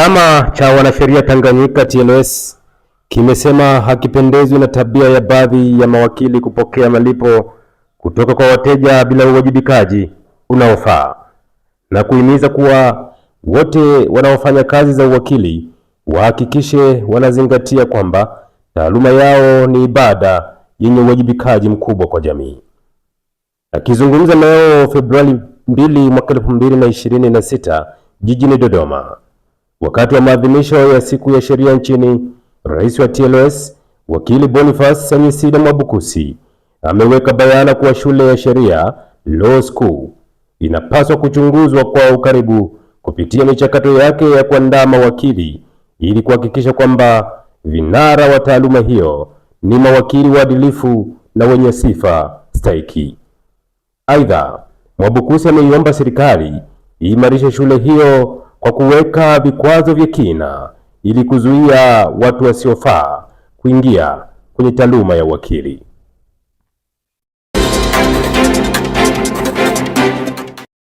Chama cha wanasheria Tanganyika TLS kimesema hakipendezwi na tabia ya baadhi ya mawakili kupokea malipo kutoka kwa wateja bila uwajibikaji unaofaa na kuhimiza kuwa wote wanaofanya kazi za uwakili wahakikishe wanazingatia kwamba taaluma yao ni ibada yenye uwajibikaji mkubwa kwa jamii. Akizungumza leo Februari 2 mwaka 2026 jijini Dodoma Wakati wa maadhimisho ya siku ya sheria nchini, rais wa TLS wakili Boniface Sanyisida Mwabukusi ameweka bayana kuwa shule ya sheria Law School inapaswa kuchunguzwa kwa ukaribu kupitia michakato yake ya kuandaa mawakili ili kuhakikisha kwamba vinara wa taaluma hiyo ni mawakili waadilifu na wenye sifa stahiki. Aidha, Mwabukusi ameiomba serikali iimarishe shule hiyo kwa kuweka vikwazo vya kina ili kuzuia watu wasiofaa kuingia kwenye taaluma ya uwakili.